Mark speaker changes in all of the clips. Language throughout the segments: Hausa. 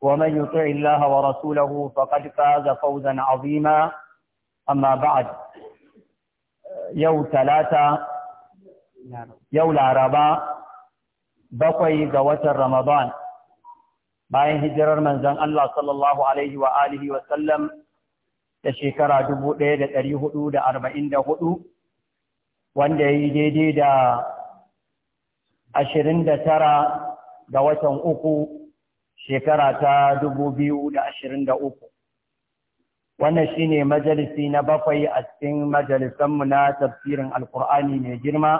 Speaker 1: ومن يطع الله ورسوله فقد فاز فوزا عظيما أما بعد يو ثلاثة يو العرباء بقي قوة رمضان bayan hijirar manzon Allah sallallahu alaihi wa alihi wa sallam da shekara 1444 wanda ya yi daidai da tara ga watan uku shekara ta dubu biyu da ashirin da uku. wannan shi ne majalisi na bakwai a cikin majalisanmu na tafsirin alkur'ani mai girma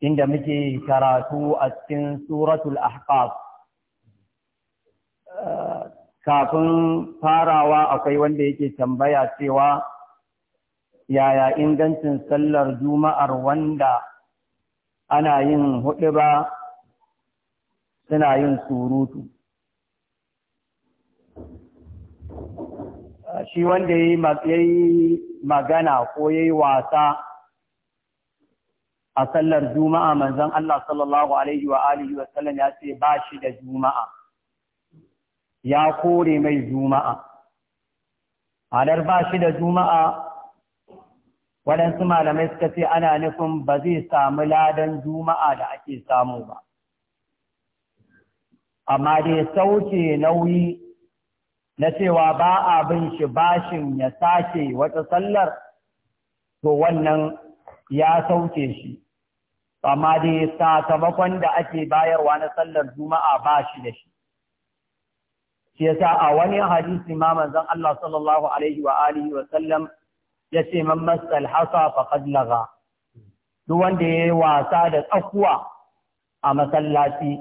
Speaker 1: inda muke karatu a cikin suratul ahqaf kafin farawa akwai wanda yake tambaya cewa yaya ingancin sallar juma'ar wanda ana yin huɗu ba suna yin surutu shi wanda ya yi magana ko ya yi wasa a sallar juma'a manzon Allah sallallahu alaihi wa alihi wa sallam ya ce ba shi da juma'a ya kore mai juma'a halar ba shi da juma'a waɗansu malamai suka ce ana nufin ba zai samu ladan juma'a da ake samu ba amma dai sauke nauyi na cewa ba a bin shi bashin ya sake wata sallar to wannan ya sauke shi amma dai sakamakon da ake bayarwa na sallar juma'a ba shi da shi shi yasa a wani hadisi ma manzon Allah sallallahu alaihi wa alihi wa sallam ya ce man masal hasa faqad laga duk wanda yayi wasa da tsakuwa a masallaci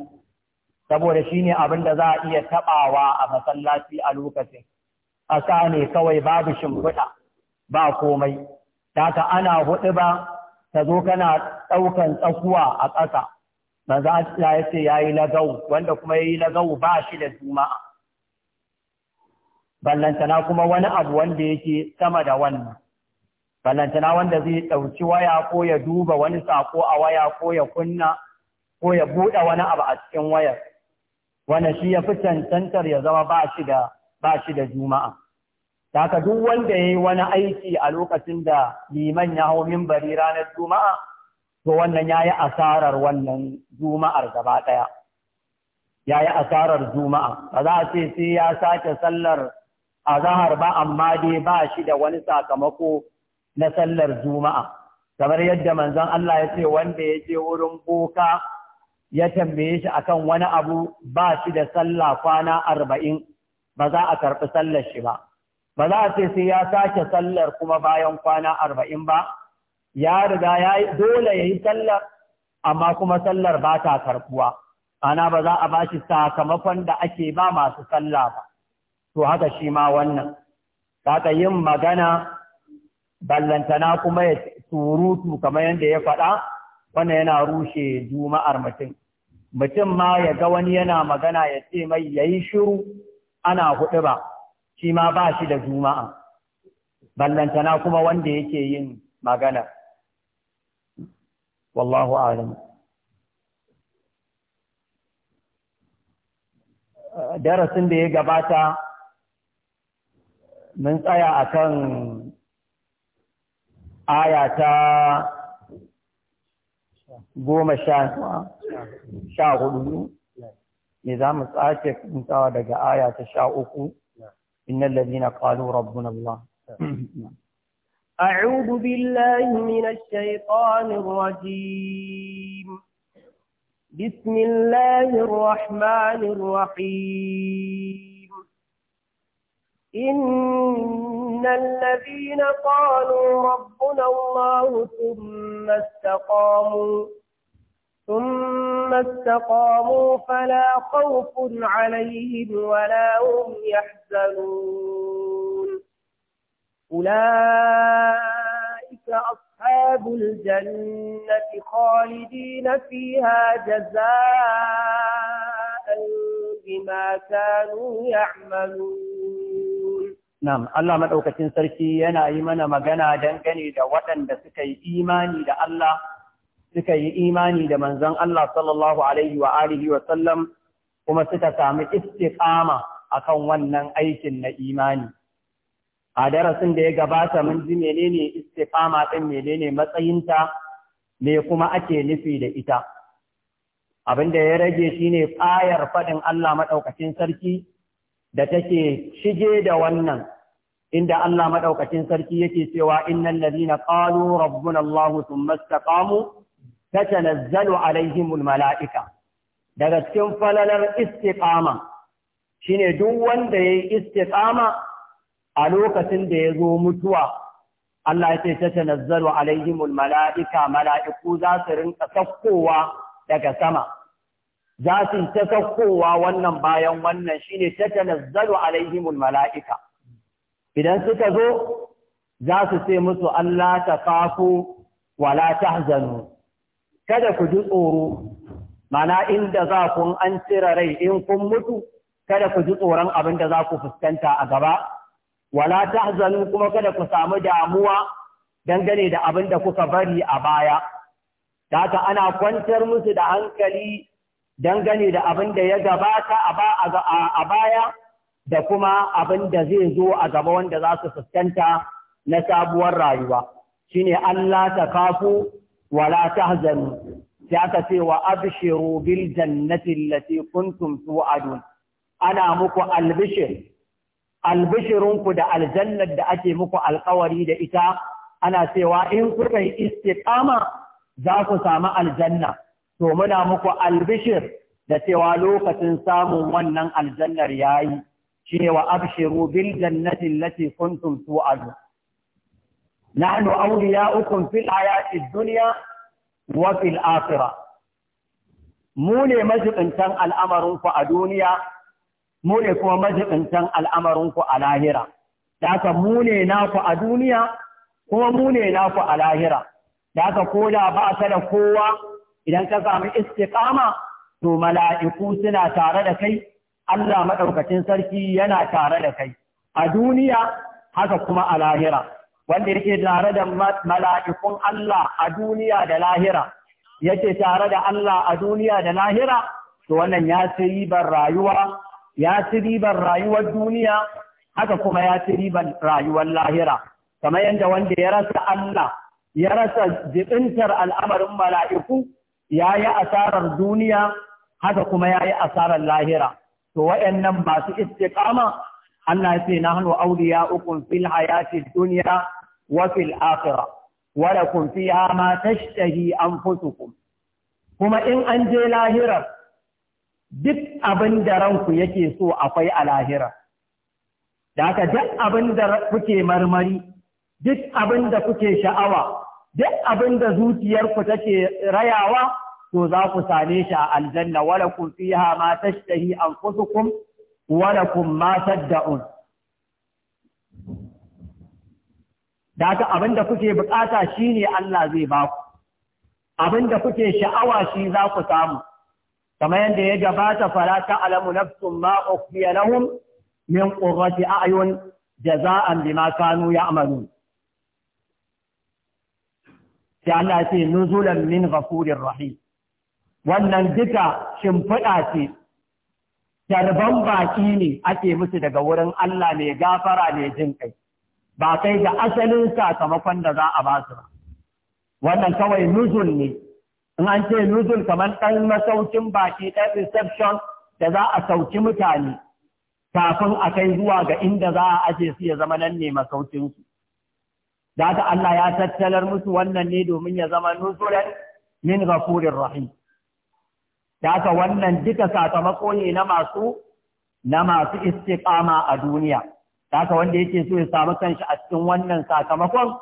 Speaker 1: saboda shi ne abin da za a iya taɓawa a masallaci a lokacin ƙasa ne kawai babu shimfiɗa ba komai ta ana huɗu ba ta zo kana ɗaukan tsakuwa a ƙasa manzo Allah ya ce yayi lagau wanda kuma yayi lagau ba shi da juma'a ballantana kuma wani abu wanda yake sama da wannan ballantana wanda zai ɗauki waya ko ya duba wani sako a waya ko ya kunna ko ya buɗe wani abu a cikin wayar wanda shi ya fi cancantar ya zama ba shi da ba shi da juma'a haka duk wanda ya yi wani aiki a lokacin da liman ya hau mimbari ranar juma'a to wannan ya yi asarar wannan juma'ar gaba ɗaya ya yi asarar juma'a ba za a ce sai ya sake sallar azahar ba amma dai ba shi da wani sakamako na sallar juma'a kamar yadda manzon Allah ya ce wanda ya je wurin boka ya tambaye shi a kan wani abu ba shi da sallah kwana arba'in ba za a karɓi sallar shi ba ba za a ce sai ya sake sallar kuma bayan kwana arba'in ba ya riga ya dole ya yi sallar amma kuma sallar ba ta karɓuwa ana ba za a ba shi sakamakon da ake ba masu sallah ba to haka shi ma wannan kaka yin magana ballantana kuma ya surutu kamar yadda ya faɗa wannan yana rushe juma'ar mutum mutum ma ya ga wani yana magana ya ce mai yayi shiru ana hudu ba shi ma ba shi da juma'a ballantana kuma wanda yake yin magana wallahu alam darasin da ya gabata mun tsaya akan aya ta goma sha hudu ne za mu tsake kuntawa daga aya ta sha uku innan lalina ƙalu rabbuna Allah.
Speaker 2: أعوذ بالله من الشيطان الرجيم بسم الله الرحمن الرحيم إن الذين قالوا ربنا الله ثم ثم استقاموا ثم استقاموا فلا خوف عليهم ولا هم يحزنون أولئك أصحاب الجنة خالدين فيها جزاء بما كانوا يعملون
Speaker 1: Nam, Allah maɗaukacin sarki yana yi mana magana dangane da waɗanda suka yi imani da Allah, suka yi imani da manzon Allah sallallahu Alaihi wa alihi wa sallam kuma suka sami istiqama akan wannan aikin na imani. A darasin da ya gabata mun ji menene istiqama ɗin menene matsayinta me kuma ake nufi da ita. Abin da ya rage shine ayar faɗin Allah maɗaukacin sarki da take shige da wannan inda Allah maɗaukacin sarki yake cewa innal ladina qalu rabbuna Allah thumma istaqamu tatanazzalu alaihimul malaika daga cikin falalar istiqama shine duk wanda yayi istiqama a lokacin da ya zo mutuwa Allah ya ce tatanazzalu alaihimul malaika malaiku za su rinka sakkowa daga sama za su ta saukowa wannan bayan wannan shine ta tanazzalu alaihimul mala'ika idan suka zo za su ce musu Allah ta fafu wala tahzanu kada ku ji tsoro mana inda za ku an tsira rai in kun mutu kada ku ji tsoron abin da za ku fuskanta a gaba wala tahzanu kuma kada ku samu damuwa dangane da abin da kuka bari a baya Daka ana kwantar musu da hankali dangane da abin da ya gabata a baya da kuma abin da zai zo a gaba wanda za su fuskanta na sabuwar rayuwa shine Allah ta kafu wala tahzanu sai aka ce wa abshiru bil jannati allati kuntum tu'adun ana muku albishir da aljannar da ake muku alkawari da ita ana cewa in kuka yi istiqama za ku samu aljanna to muna muku albishir da cewa lokacin samun wannan aljannar yayi shine wa abshiru bil jannati allati kuntum tu'adu nahnu awliya'ukum fil hayati dunya wa fil akhirah mu ne majibintan al'amarin ku a duniya mu ne kuma majibintan al'amarin ku a lahira da ka mu ne naku a duniya kuma mu ne naku a lahira da ka ko da ba ta da kowa idan ka samu istiqama to mala'iku suna tare da kai Allah madaukakin sarki yana tare da kai a duniya haka kuma a lahira wanda yake tare da mala'ikun Allah a duniya da lahira yake tare da Allah a duniya da lahira to wannan ya ci ribar rayuwa ya ci ribar rayuwar duniya haka kuma ya ci ribar rayuwar lahira kamar yadda wanda ya rasa Allah ya rasa jibintar al'amarin mala'iku ya yi asarar duniya haka kuma ya yi asarar lahira to waɗannan masu istiƙama Allah ya ce nahnu awliya'ukum fil hayati duniya, wa fil akhirah wa lakum fiha ma tashtahi anfusukum kuma in an je lahirar duk abin da ranku yake so akwai a lahirar da haka duk abin da kuke marmari duk abin da kuke sha'awa duk abin da zuciyarku take rayawa to za ku same shi a aljanna wala kun fiha ma tashtahi anfusukum wala kun ma tadda'un da abin da kuke bukata shine Allah zai ba ku abin da kuke sha'awa shi za ku samu kamar yadda ya gabata fara alamu nafsun ma ukhfiya lahum min qurrati a'yun jaza'an bima kanu ya'malun sai Allah ce nuzulan min ghafurir rahim wannan duka shimfiɗa ce tarban baki ne ake musu daga wurin Allah mai gafara mai jin kai ba kai da asalin sakamakon da za a ba su ba wannan kawai nuzul ne in an ce nuzul kamar ɗan masaukin baki ɗan reception da za a sauki mutane kafin a kai zuwa ga inda za a aje su ya zama nan ne masaukinsu da Allah ya tattalar musu wannan ne domin ya zama nusuran min ghafurir rahim da wannan duka sakamako ne na masu na masu istiƙama a duniya da wanda yake so ya samu kanshi a cikin wannan sakamakon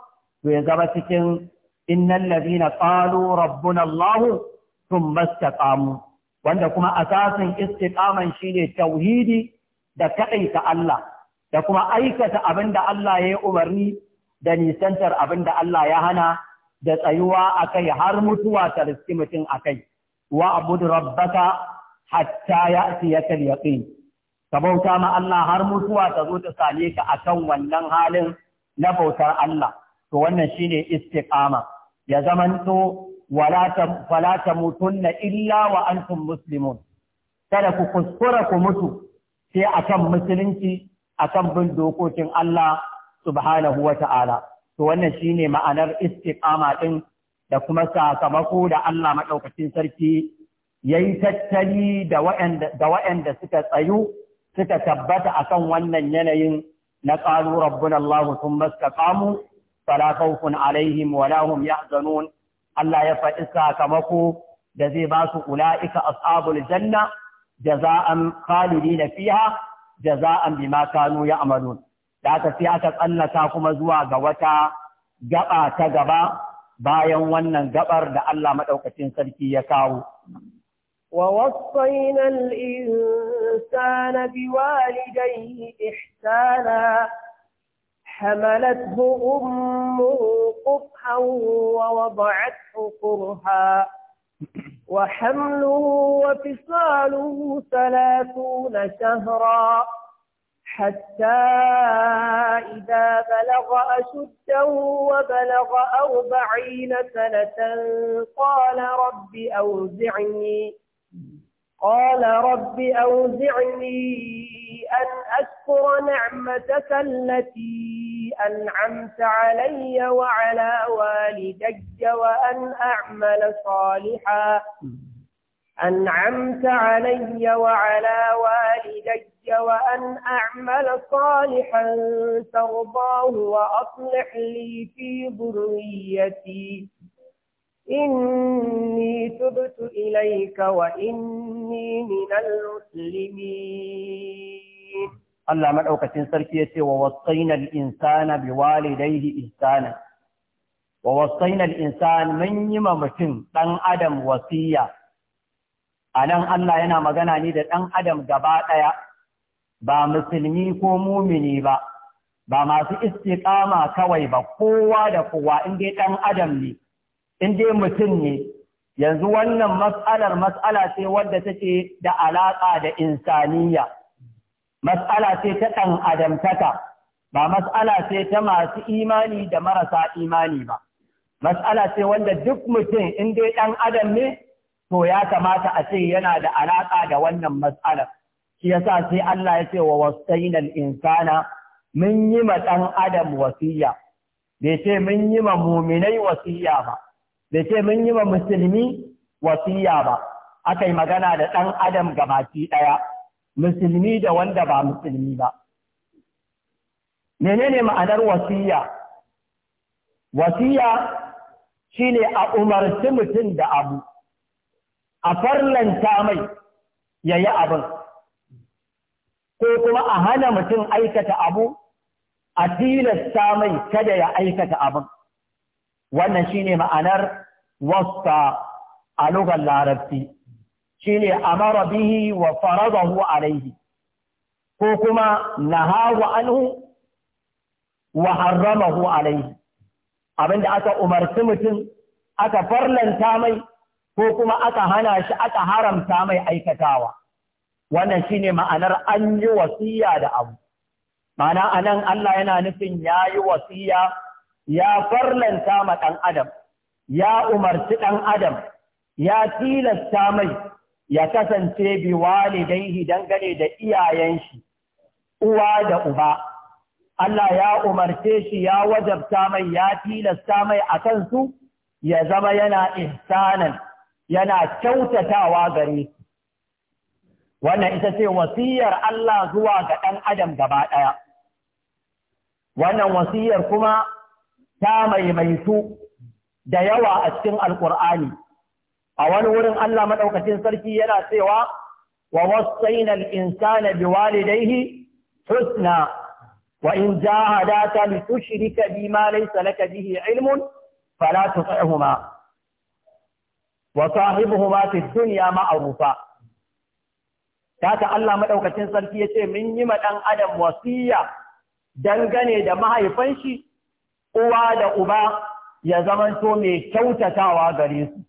Speaker 1: to ya zama cikin innal ladina qalu rabbuna Allah thumma istaqamu wanda kuma asasin istiqaman shine tauhidi da ta Allah da kuma aikata abin da Allah ya yi umarni da nisantar abin da Allah ya hana da tsayuwa a kai har mutuwa ta riski mutum a kai, wa abu rabbaka hatta ya ya yaƙin. Ka bauta ma Allah har mutuwa ta zo ta same ka a kan wannan halin na bautar Allah, to wannan shi ne istiƙama, ya zamanto wala ta mutunna illa wa antum muslimun. Kada ku kuskura ku mutu sai akan musulunci akan bin dokokin Allah subhanahu wa ta'ala. To wannan shi ne ma'anar istiqama ɗin da kuma sakamako da Allah maɗaukacin sarki ya yi tattali da waɗanda suka tsayu suka tabbata a kan wannan yanayin na ƙalu rabbin Allah sun maska kamu fala alaihim wala hum yahzanun Allah ya faɗi sakamako da zai ba su ula'ika ashabul janna jaza'an khalidina fiha jaza'an bima kanu ya'malun da aka fi aka tsallaka kuma zuwa ga wata gaba ta gaba bayan wannan gabar da Allah maɗaukacin sarki ya kawo.
Speaker 2: ووصينا الإنسان بوالديه إحسانا حملته أمه قرحا ووضعته قرها وحمله وفصاله ثلاثون شهرا حتى إذا بلغ أشده وبلغ أربعين سنة قال رب أوزعني قال رب أوزعني أن أشكر نعمتك التي أنعمت علي وعلى والدي وأن أعمل صالحا أنعمت علي وعلى والدي وأن أعمل صالحا ترضاه وأصلح لي في ذريتي إني تبت إليك وإني من المسلمين
Speaker 1: الله مدعوكة سركية ووصينا الإنسان بوالديه إحسانا ووصينا الإنسان من يممتن أن أدم وصيه a nan Allah yana magana ne da ɗan adam gaba ɗaya ba musulmi ko mumini ba ba masu istiƙama kawai ba kowa da kowa in dai ɗan adam ne in dai mutum ne yanzu wannan matsalar matsala ce wadda take da alaƙa da insaniya matsala ce ta ɗan adamtaka ba matsala ce ta masu imani da marasa imani ba matsala ce wanda duk mutum in dai ɗan adam ne to ya kamata a ce yana da alaƙa da wannan matsalar. Shi yasa sai Allah ya ce wa wasainal insana mun yi ma ɗan adam wasiya. Bai ce mun yi ma muminai wasiya ba. Bai ce mun yi ma musulmi wasiya ba. Aka yi magana da ɗan adam gabaki ɗaya. Musulmi da wanda ba musulmi ba. Menene ma'anar wasiya? Wasiya shine a umarci mutum da abu. a farlanta mai ya yi abin ko kuma a hana mutum aikata abu a tilasta mai kada ya aikata abin wannan shi ne ma'anar wasta a lugar larabci shine amara bihi wa a alaihi ko kuma nahahu anhu wa harramahu alaihi abinda aka umarci mutum aka farlanta mai ko kuma aka hana shi aka haramta mai aikatawa wannan shine ma'anar an yi wasiya da abu ma'ana anan Allah yana nufin ya yi wasiya ya farlanta ma ɗan adam ya umarci ɗan adam ya tilasta mai ya kasance bi walidaihi dangane da iyayen shi uwa da uba Allah ya umarce shi ya wajabta mai ya tilasta mai akan su ya zama yana ihsanan yana kyautatawa gare su wannan ita ce wasiyar Allah zuwa ga ɗan adam gaba ɗaya wannan wasiyar kuma ta maimaitu da yawa a cikin alkur'ani a wani wurin Allah maɗaukacin sarki yana cewa wa wasaina al-insana biwalidayhi husna wa in jahadaka li tushrika bima laysa laka bihi ilmun fala tuti'huma wa ma fi dunya ma'rufa haka Allah madaukakin sarki yace mun yi ma dan adam wasiya dangane da mahaifan shi uwa da uba ya zamanto mai kyautatawa gare su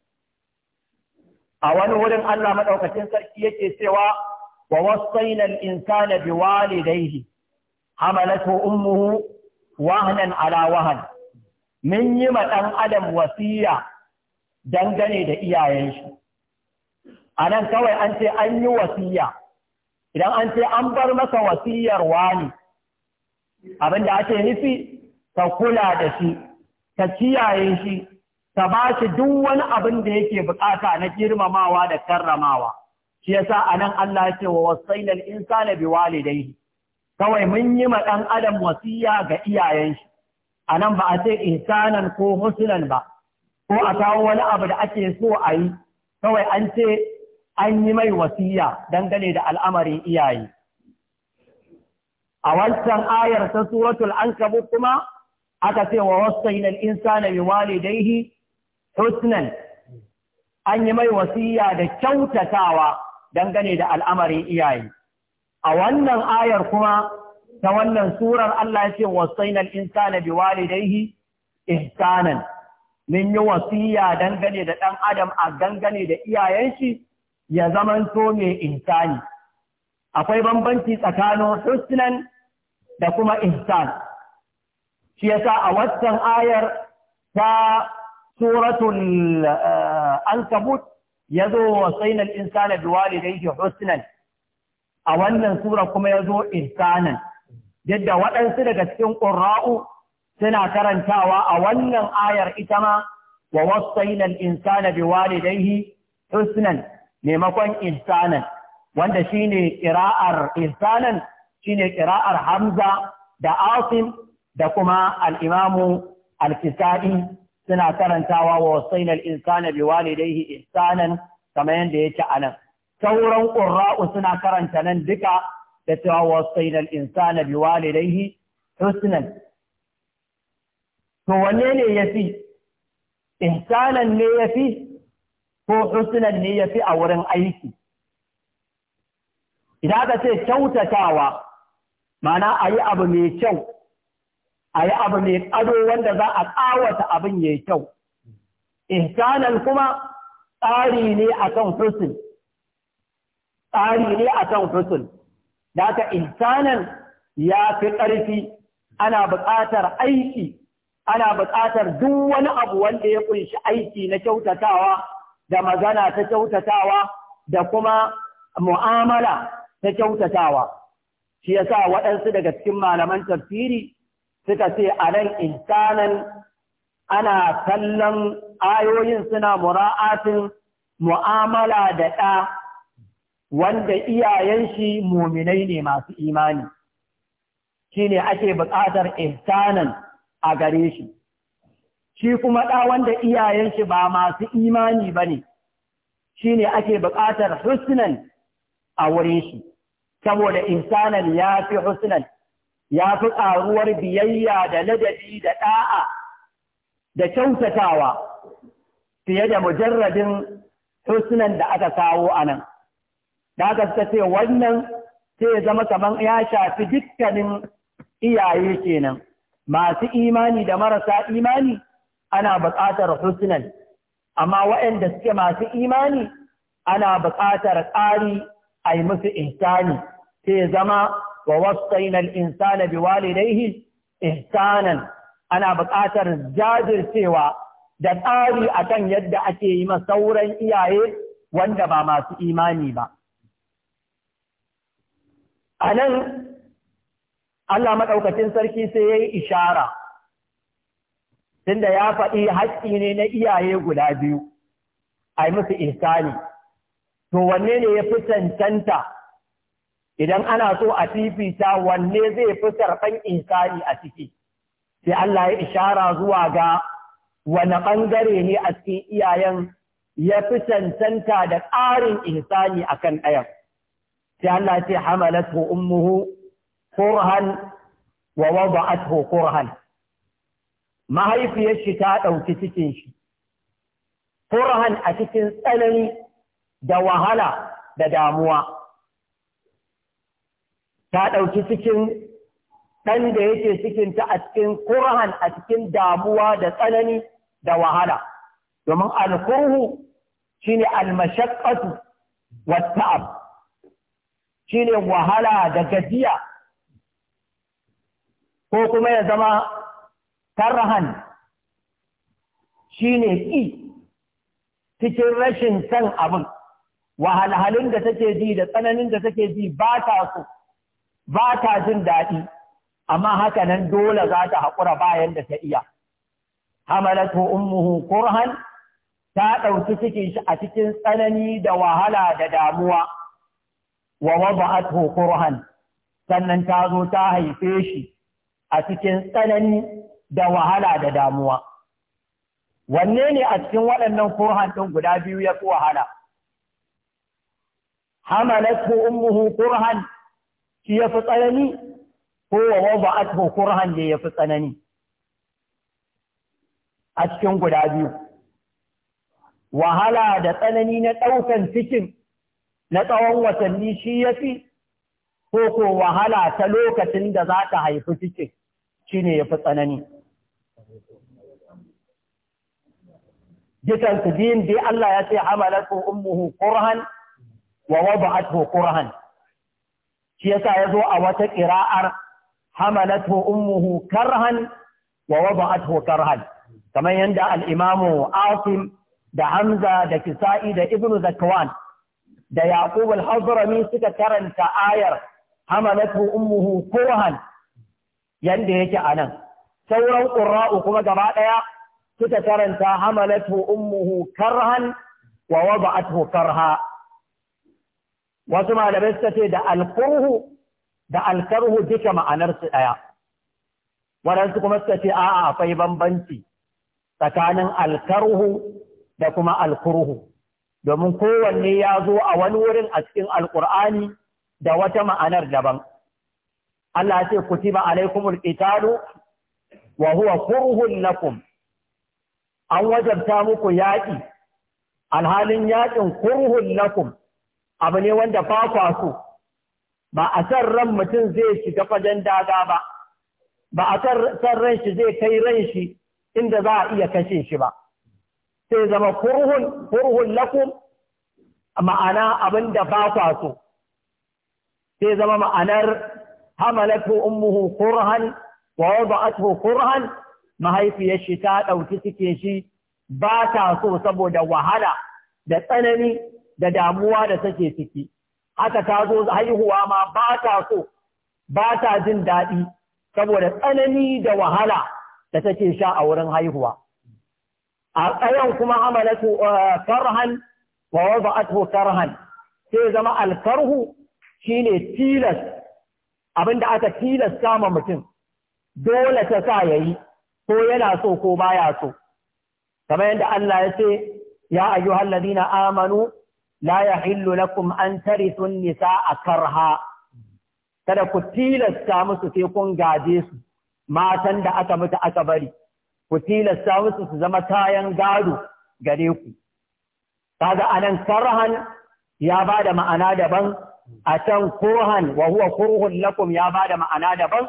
Speaker 1: a wani wurin Allah madaukakin sarki yake cewa wa wasaina al-insana walidayhi hamalatu ummuhu wahnan ala wahan min yi ma dan adam wasiya dangane da iyayen shi a nan kawai an ce an yi wasiya idan an ce an bar masa wasiyar wani abinda ake nufi ka kula da shi ka kiyaye shi ka ba shi duk wani abin da yake bukata na girmamawa da karramawa shi yasa nan Allah ya ce wa wasaina al-insana biwalidayhi kawai mun yi ma ɗan adam wasiya ga iyayen shi anan ba a ce insanan ko husnan ba ko a kawo wani abu da ake so a yi kawai an ce an yi mai wasiya dangane da al'amarin iyaye
Speaker 2: a wancan ayar
Speaker 1: ta suratul ankabut kuma aka ce wa wasaina al-insana bi walidayhi husnan an yi mai wasiya da kyautatawa dangane da al'amarin iyaye a wannan ayar kuma ta wannan surar Allah ya ce wasaina al-insana bi walidayhi ihsanan min yi wasiya dangane da ɗan adam a dangane da iyayenshi, shi ya zamanto mai insani akwai bambanci tsakanin husnan da kuma insan shi yasa a waccan ayar ta suratul eh, ankabut ya zo wa wasaina insani da yake husnan a wannan sura kuma ya zo insanan yadda waɗansu daga cikin ƙura'u suna karantawa a wannan ayar ita ma wa wasaina al-insana biwalidayhi husnan maimakon ihsanan wanda shine qira'ar ihsanan shine qira'ar hamza da asim da kuma al-imamu al-kisai suna karantawa wa wasaina al-insana biwalidayhi ihsanan kamar yadda yake anan sauran qurra'u suna karanta nan duka da cewa wasaina al-insana biwalidayhi husnan to wanne ne ya fi ihsanan ne ya fi ko husnan ne ya fi a wurin aiki idan aka ce kyautatawa mana a yi abu mai kyau a yi abu mai ado wanda za a ƙawata abin ya yi kyau ihsanan kuma tsari ne akan husn tsari ne akan husn da ka ihsanan ya fi ƙarfi ana buƙatar aiki ana buƙatar duk wani abu wanda ya kunshi aiki na kyautatawa da magana ta kyautatawa da kuma mu'amala ta kyautatawa shi yasa waɗansu daga cikin malaman tafsiri suka ce a nan insanan ana kallon ayoyin suna mura'atin mu'amala da ɗa wanda iyayen shi muminai ne masu imani Shi ne ake buƙatar insanan a gare shi shi kuma ɗa wanda iyayen shi ba masu imani ba ne shi ne ake buƙatar husnan a wurin shi saboda insanan ya fi husnan ya fi ƙaruwar biyayya da ladabi da ɗa'a da kyautatawa fiye da mujarradin husnan da aka kawo a nan. Da aka suka ce wannan sai zama kamar ya shafi dukkanin iyaye kenan. masu imani da marasa imani ana buƙatar husnan amma waɗanda suke masu imani ana buƙatar ƙari a yi musu ihsani sai zama wa wasainal insana bi walidayhi ihsanan ana buƙatar jajircewa da tsari a kan yadda ake yi ma sauran iyaye wanda ba masu imani ba a nan Allah maɗaukacin sarki sai ya yi ishara, tunda ya faɗi haƙƙi ne na iyaye guda biyu, a musu ihsani. To wanne ne ya fi cancanta idan ana so a fifita wanne zai fi karɓan ihsani a ciki. Sai Allah ya ishara zuwa ga wani ɓangare ne a cikin iyayen ya fi cancanta da ƙarin ihsani a kan ɗayan. Sai Allah ce hamalatu ummuhu kurhan wa wada'athu kurhan mahaifiyarshi ta ɗauki cikin shi kurhan a cikin tsanani da wahala da damuwa ta ɗauki cikin ɗan da yake cikin a cikin kurhan a cikin damuwa da tsanani da wahala domin alkurhu shine almashaqqatu wat ta'ab shine wahala da gajiya ko kuma ya zama tarhan shine ƙi cikin rashin san abin wahalhalun da take ji da tsananin da take ji ba ta so ba ta jin daɗi amma haka nan dole za ta haƙura bayan da ta iya hamalatu ummuhu kurhan ta ɗauki cikin shi a cikin tsanani da wahala da damuwa wa wada'athu kurhan sannan ta zo ta haife shi a cikin tsanani da wahala da damuwa. Wanne ne a cikin waɗannan kurhan ɗin guda biyu ya fi wahala? Hamalatu ummuhu kurhan shi ya fi tsanani ko wa cikin kurhan ne ya fi tsanani a cikin guda biyu. Wahala da tsanani na ɗaukan cikin na tsawon watanni shi ya fi ko ko wahala ta lokacin da za ta haifi cikin shi ne ya fi tsanani. Dukan su biyun dai Allah ya ce hamalatu ummuhu kurhan wa wada'athu kurhan. Shi yasa ya zo a wata ƙira'ar hamalatu ummuhu karhan wa wada'athu karhan. Kamar yadda al'imamu Asim da Hamza da Kisa'i da Ibn Zakwan da Yaqub al-Hazrami suka karanta ayar hamalatu ummuhu kurhan yanda yake anan sauran qurra'u kuma gaba daya suka karanta hamalatu ummuhu karhan wa wada'athu karha wasu malamai suka ce da alkurhu da alkarhu duka ma'anarsu ɗaya waɗansu kuma suka ce a'a akwai bambanci tsakanin alkarhu da kuma alkurhu domin kowanne ya zo a wani wurin a cikin alkur'ani da wata ma'anar daban. Allah ce kutiba alaikumul qitalu wa huwa kurhun lakum an wajabta muku yaƙi alhalin yaƙin kurhun lakum abu ne wanda ba kwa ba a san ran mutum zai shiga fajen daga ba ba a san ran shi zai kai ran shi inda za a iya kashe shi ba sai zama kurhun kurhun lakum ma'ana abin da ba kwa sai zama ma'anar hamalatu ummuhu kurhan wa wada'atuhu kurhan mahaifiyar shi ta ɗauki cikin shi ba ta so saboda wahala da tsanani da damuwa da take ciki haka ta zo haihuwa ma ba ta so ba ta jin daɗi saboda tsanani da wahala da take sha a wurin haihuwa a tsayan kuma hamalatu farhan eh, wa wada'atuhu karhan sai zama alfarhu shine tilas da aka tilasta ma mutum dole ta sa yayi ko yana so ko baya so kamar yadda Allah ya ce ya ayyuhal na amanu la yahillu lakum an tarithu a karha kada ku tilasta musu sai kun gaje su matan da aka mutu aka bari ku tilasta musu su zama kayan gado gare ku kaga anan karhan ya bada ma'ana daban a can kurhan wa huwa kurhun lakum ya ba da ma'ana daban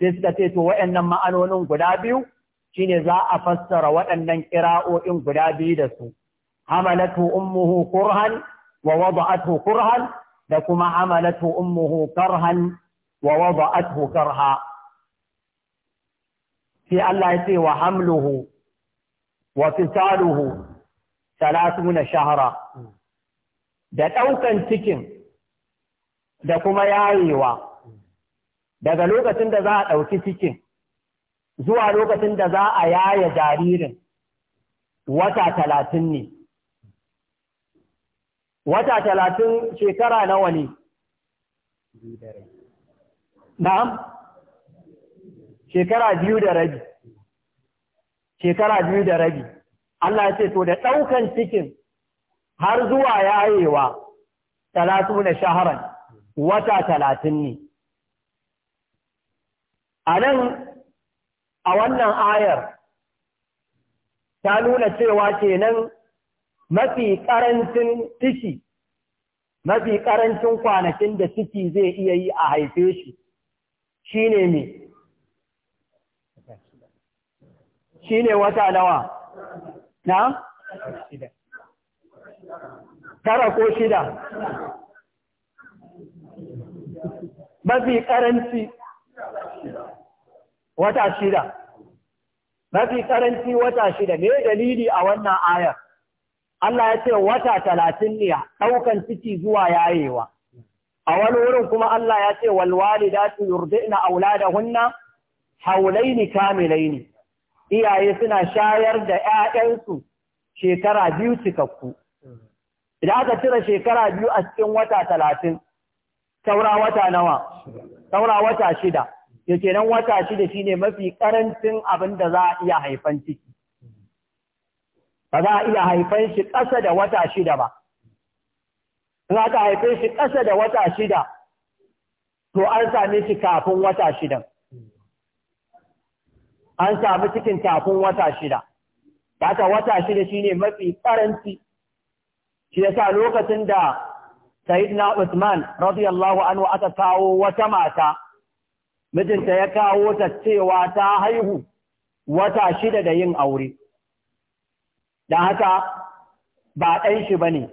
Speaker 1: sai suka ce to waɗannan ma'anonin guda biyu shine za a fassara waɗannan kiraoin guda biyu da su hamalatu ummuhu kurhan wa wada'atu kurhan da kuma hamalatu ummuhu karhan wa wada'atu karha sai Allah ya ce wa hamluhu wa fisaluhu 30 shahra da ɗaukan cikin da kuma yayewa daga lokacin da za a ɗauki cikin zuwa lokacin da za a yaya jaririn wata talatin ne wata talatin shekara nawa ne na'am shekara biyu da rabi shekara biyu da rabi Allah ya ce to da ɗaukan cikin har zuwa yayewa talatu na shaharan wata talatin ne. A nan, a wannan ayar, ta nuna cewa kenan mafi ƙarancin ciki, mafi ƙarancin kwanakin da ciki zai iya yi a haife shi, shi ne me? Shi ne wata nawa? Na? Tara ko shida.
Speaker 2: mafi ƙaranci
Speaker 1: wata shida fi wata shida ne dalili a wannan ayar Allah ya ce wata talatin ne a ɗaukan ciki zuwa yayewa a wani wurin kuma Allah ya ce walwali da su da auladahunna haulaini kamilaini iyaye suna shayar da ‘ya'yansu shekara biyu cikakku idan aka cire shekara biyu a cikin wata talatin saura wata nawa saura wata shida ya kenan wata shida shine mafi karancin abin da za a iya haifan ciki ba za a iya haifan shi ƙasa da wata shida ba in aka haife shi ƙasa da wata shida to an same shi kafin wata shidan an sami cikin kafin wata shida ta wata shida shine mafi karanci shi yasa lokacin da Sayyidina Usman radiyallahu anhu aka kawo wata mata mijinta ya kawo ta cewa ta haihu wata shida da yin aure da haka ba ɗan shi bane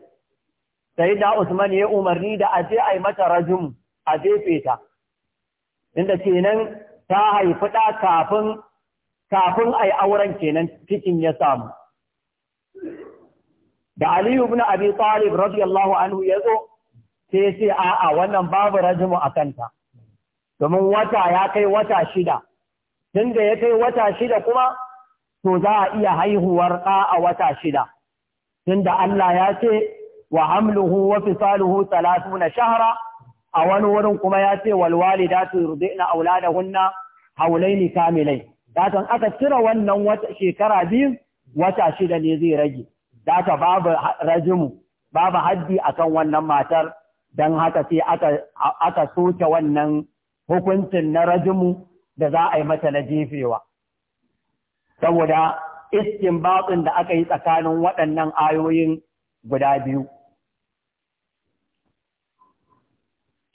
Speaker 1: Sayyidina Usman ya umarni da aje ai mata rajum a jefe ta inda kenan ta haifi ɗa kafin kafin ai auren kenan cikin ya samu da Aliyu ibn Abi Talib radiyallahu anhu ya zo sai sai a'a wannan babu rajimu a kanta domin wata ya kai wata shida tun da ya kai wata shida kuma to za a iya haihuwar ɗa a wata shida tun da Allah ya ce wa hamluhu wa fisaluhu talatuna shahara a wani wurin kuma ya ce wal walidatu yurdina auladahunna haulaini kamilai datan aka cire wannan wata shekara biyu wata shida ne zai rage data babu rajimu babu haddi akan wannan matar don haka sai aka soke wannan hukuncin na rajimu da za a yi mata na jefewa. Saboda iskin baɗin da aka yi tsakanin waɗannan ayoyin guda biyu.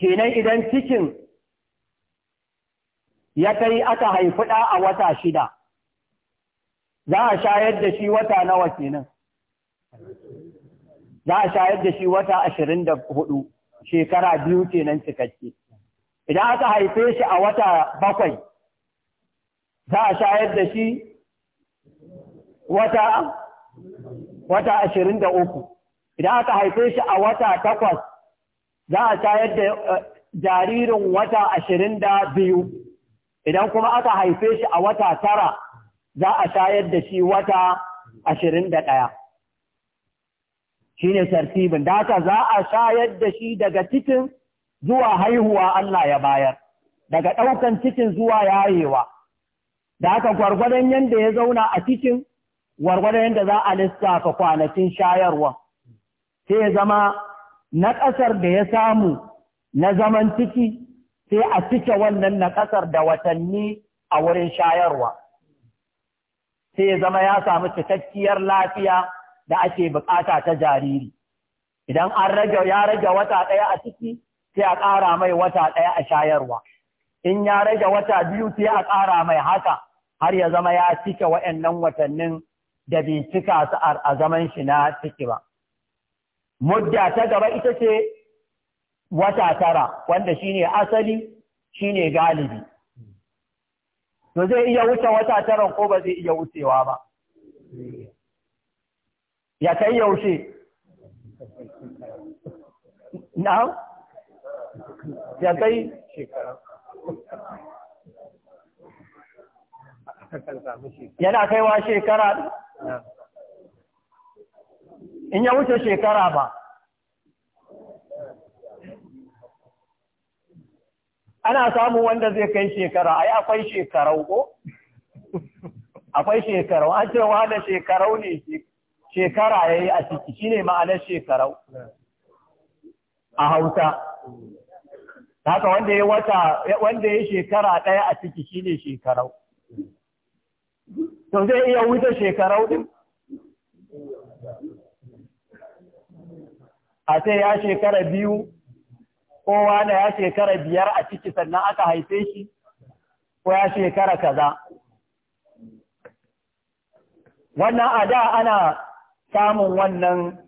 Speaker 1: Kenan idan cikin ya kai aka haifi ɗa a wata shida, za a shayar da shi wata nawa kenan. Za a shayar da shi wata ashirin da hudu. shekara biyu kenan cikakke idan aka haife shi a wata bakwai za a shayar da shi wata wata ashirin da uku idan aka haife shi a wata takwas za a shayar da eh, jaririn wata ashirin da biyu idan kuma aka haife shi a wata tara za a shayar da shi wata ashirin da ɗaya Shi ne tartibin da haka za a shayar da shi daga cikin zuwa haihuwa Allah ya bayar daga ɗaukan cikin zuwa yayewa da haka gwargwadon yadda ya zauna a cikin gwargwadon yadda za a lissafa kwanakin shayarwa sai ya zama na ƙasar da ya samu na zaman ciki sai a cike wannan na ƙasar da watanni a wurin shayarwa sai ya zama ya samu cikakkiyar lafiya da ake bukata ta jariri idan an rage ya rage wata ɗaya a ciki sai a ƙara mai wata ɗaya a shayarwa in ya rage wata biyu sai a ƙara mai haka har ya zama ya cika waɗannan watannin da bai cika su a zaman shi na ciki ba mudda ta gaba ita ce wata tara wanda shine asali shine galibi to zai iya wuce wata tara ko ba zai iya wucewa ba
Speaker 2: ya kai yaushe na'am ya kai yana kaiwa shekara
Speaker 1: in ya wuce shekara ba ana samun wanda zai kai shekara ai akwai shekarau ko akwai shekarau an cewa da shekarau ne shekara ya yi a ciki shi ne ma'anar shekarau a hausa
Speaker 2: haka wanda ya wata wanda
Speaker 1: ya shekara ɗaya a ciki shi ne shekarau to zai iya wuce shekarau ɗin a sai ya shekara biyu kowa na ya shekara biyar a ciki sannan aka haife shi ko ya shekara kaza wannan a da ana samun wannan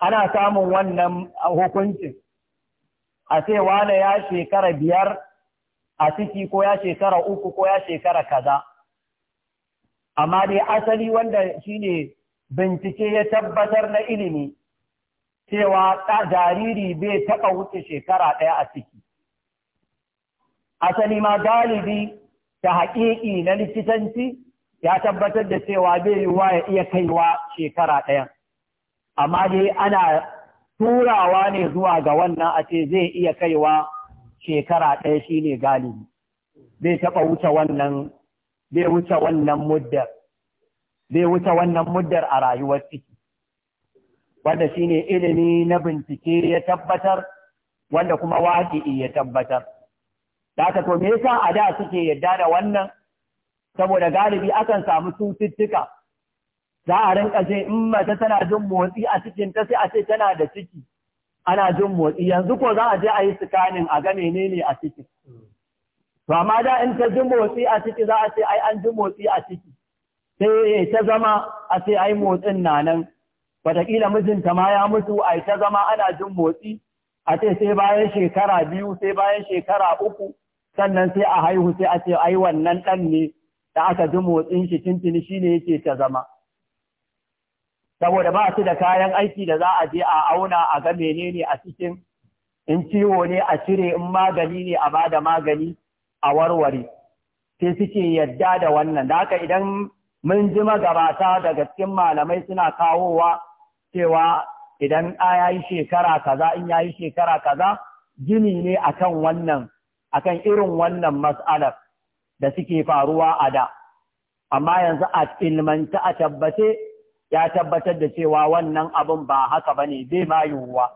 Speaker 1: ana samun wannan hukuncin a ce wane ya shekara biyar a ciki ko ya shekara uku ko ya shekara kaza amma dai asali wanda shine bincike ya tabbatar na ilimi cewa jariri bai taɓa wuce shekara ɗaya a ciki asali ma galibi ta haƙiƙi na likitanci ya tabbatar da cewa bai yiwuwa ya iya kaiwa shekara ɗaya amma dai ana turawa ne zuwa ga wannan a ce zai iya kaiwa shekara ɗaya ne galibi Zai taɓa wuce wannan zai wuce wannan muddar zai wuce wannan muddar a rayuwar ciki wanda shi ne ilimi na bincike ya tabbatar wanda kuma waƙi ya tabbatar da haka to me yasa a da suke yadda da wannan saboda galibi akan samu cututtuka za a rinka ce in mace tana jin motsi a cikin ta sai a ce tana da ciki ana jin motsi yanzu ko za a je a yi sikanin a ga menene a ciki to amma da in ta jin motsi a ciki za a ce ai an jin motsi a ciki sai ta zama a ce ai motsin na nan wataƙila mijinta ma ya mutu ai ta zama ana jin motsi a ce sai bayan shekara biyu sai bayan shekara uku sannan sai a haihu sai a ce ai wannan ɗan ne da aka ji motsin shi tintini shine yake ta zama saboda ba su da kayan aiki da za a je a auna a ga menene a cikin in ciwo ne a cire in magani ne a bada magani a warware sai suke yadda da wannan da haka idan mun ji magabata daga cikin malamai suna kawowa cewa idan a yayi shekara kaza in yayi shekara kaza gini ne akan wannan akan irin wannan mas'alar da suke faruwa a da amma yanzu a ilmanta a tabbace ya tabbatar da cewa wannan abin ba haka ne, bai ma yiwuwa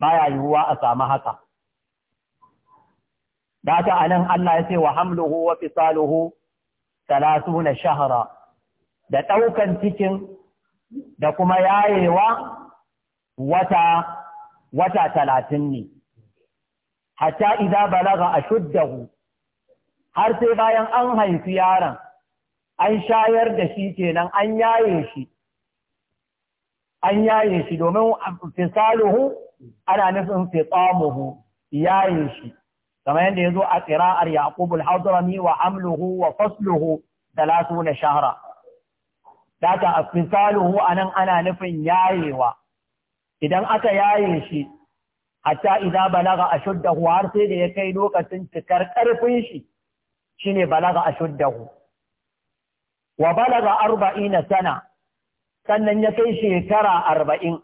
Speaker 1: baya yiwuwa a samu haka data ta anan Allah ya ce wa hamluhu wa fisaluhu 30 shahra da ɗaukan cikin da kuma yayewa wata wata talatin ne, hatta idan balaga a shuddahu har sai bayan an haifi yaron an shayar da shi kenan an yaye shi an yaye shi domin fisaluhu ana nufin fitamuhu yaye shi kamar yadda yazo a qira'ar yaqub al wa hamluhu wa fasluhu 30 shahra data fisaluhu anan ana nufin yayewa idan aka yaye shi hatta idza balaga ashuddahu har sai da ya kai lokacin cikar karfin shi shine balaga ashuddahu wa balaga na sana sannan ya kai shekara arba'in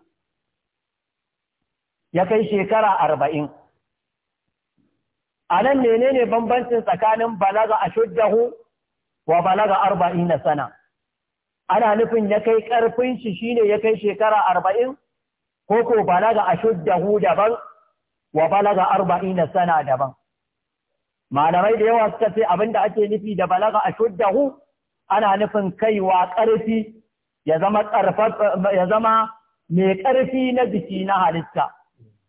Speaker 1: ya kai shekara arba'in a nan menene bambancin tsakanin balaga ashuddahu wa balaga na sana ana nufin ya kai ƙarfin shi shine ya kai shekara arba'in ko ko balaga ashuddahu daban wa balaga na sana daban malamai da yawa suka ce abin da ake nufi da balaga a shuddahu ana nufin kaiwa ƙarfi ya zama ya zama mai ƙarfi na jiki na halitta